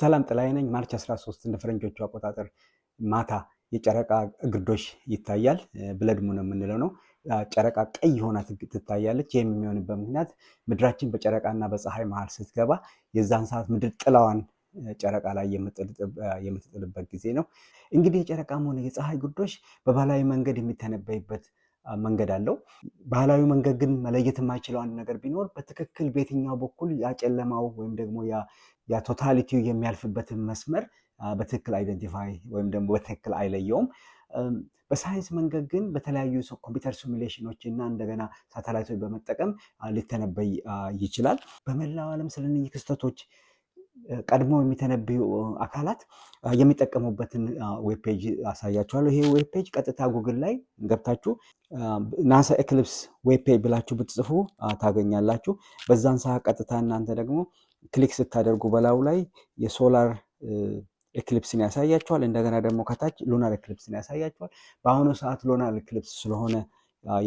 ሰላም ጥላይ ነኝ። ማርች 13 እንደ ፈረንጆቹ አቆጣጠር ማታ የጨረቃ ግርዶሽ ይታያል። ብለድ ሙን የምንለው ነው። ጨረቃ ቀይ ሆና ትታያለች። ይህም የሚሆንበት ምክንያት ምድራችን በጨረቃና በፀሐይ መሀል ስትገባ የዛን ሰዓት ምድር ጥላዋን ጨረቃ ላይ የምትጥልበት ጊዜ ነው። እንግዲህ የጨረቃ ሆነ የፀሐይ ግርዶሽ በባህላዊ መንገድ የሚተነበይበት መንገድ አለው። ባህላዊ መንገድ ግን መለየት የማይችለው አንድ ነገር ቢኖር በትክክል በየትኛው በኩል ያጨለማው ወይም ደግሞ ያ ቶታሊቲው የሚያልፍበትን መስመር በትክክል አይደንቲፋይ ወይም ደግሞ በትክክል አይለየውም። በሳይንስ መንገድ ግን በተለያዩ ኮምፒውተር ሲሙሌሽኖች እና እንደገና ሳተላይቶች በመጠቀም ሊተነበይ ይችላል። በመላው ዓለም ስለነኚህ ክስተቶች ቀድሞ የሚተነብዩ አካላት የሚጠቀሙበትን ዌብ ፔጅ አሳያችኋለሁ። ይሄ ዌብፔጅ ፔጅ ቀጥታ ጉግል ላይ ገብታችሁ ናሳ ኤክሊፕስ ዌብፔጅ ብላችሁ ብትጽፉ ታገኛላችሁ። በዛን ሰዓት ቀጥታ እናንተ ደግሞ ክሊክ ስታደርጉ በላዩ ላይ የሶላር ኤክሊፕስን ያሳያችኋል። እንደገና ደግሞ ከታች ሉናር ኤክሊፕስን ያሳያችኋል። በአሁኑ ሰዓት ሉናር ኤክሊፕስ ስለሆነ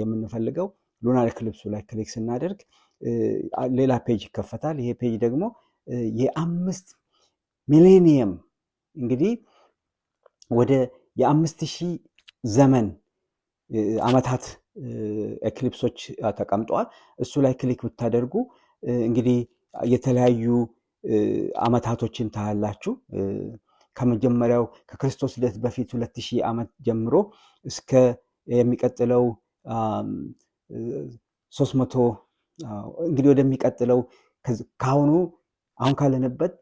የምንፈልገው ሉናር ኤክሊፕሱ ላይ ክሊክ ስናደርግ ሌላ ፔጅ ይከፈታል። ይሄ ፔጅ ደግሞ የአምስት ሚሌኒየም እንግዲህ ወደ የአምስት ሺህ ዘመን አመታት ኤክሊፕሶች ተቀምጠዋል። እሱ ላይ ክሊክ ብታደርጉ እንግዲህ የተለያዩ አመታቶችን ታያላችሁ። ከመጀመሪያው ከክርስቶስ ልደት በፊት ሁለት ሺህ ዓመት ጀምሮ እስከ የሚቀጥለው ሶስት መቶ እንግዲህ ወደሚቀጥለው ከአሁኑ አሁን ካለንበት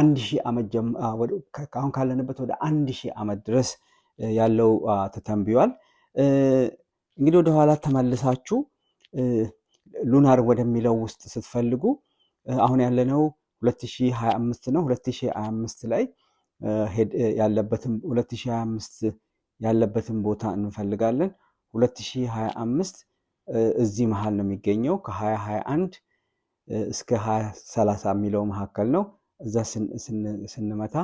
አንድ ሺህ ዓመት አሁን ካለንበት ወደ አንድ ሺህ ዓመት ድረስ ያለው ተተንብዮአል። እንግዲህ ወደኋላ ተመልሳችሁ ሉናር ወደሚለው ውስጥ ስትፈልጉ አሁን ያለነው 2025 ነው። 2025 ላይ ያለበትን 2025 ያለበትን ቦታ እንፈልጋለን። 2025 እዚህ መሀል ነው የሚገኘው ከ2021 እስከ 230 30 የሚለው መካከል ነው። እዛ ስንመታ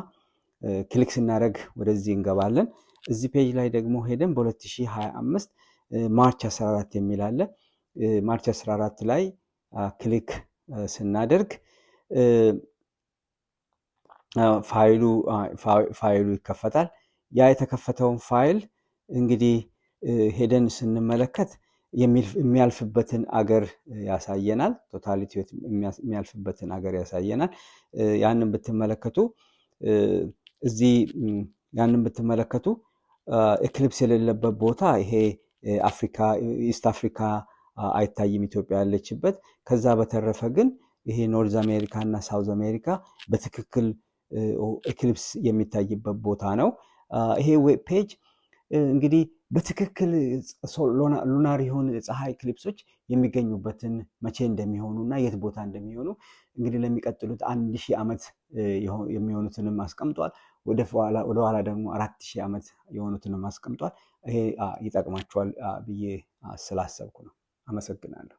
ክሊክ ስናደረግ ወደዚህ እንገባለን። እዚህ ፔጅ ላይ ደግሞ ሄደን በ2025 ማርች 14 የሚል አለ። ማርች 14 ላይ ክሊክ ስናደርግ ፋይሉ ይከፈታል። ያ የተከፈተውን ፋይል እንግዲህ ሄደን ስንመለከት የሚያልፍበትን አገር ያሳየናል። ቶታሊቲ የሚያልፍበትን አገር ያሳየናል። ያንን ብትመለከቱ እዚህ ያንን ብትመለከቱ ኤክሊፕስ የሌለበት ቦታ ይሄ አፍሪካ ኢስት አፍሪካ አይታይም ኢትዮጵያ ያለችበት። ከዛ በተረፈ ግን ይሄ ኖርዝ አሜሪካ እና ሳውዝ አሜሪካ በትክክል ኤክሊፕስ የሚታይበት ቦታ ነው። ይሄ ዌብ ፔጅ እንግዲህ በትክክል ሉናር የሆኑ የፀሐይ ክሊፕሶች የሚገኙበትን መቼ እንደሚሆኑ እና የት ቦታ እንደሚሆኑ እንግዲህ ለሚቀጥሉት አንድ ሺህ ዓመት የሚሆኑትንም አስቀምጧል። ወደኋላ ደግሞ አራት ሺህ ዓመት የሆኑትንም አስቀምጧል። ይሄ ይጠቅማቸዋል ብዬ ስላሰብኩ ነው። አመሰግናለሁ።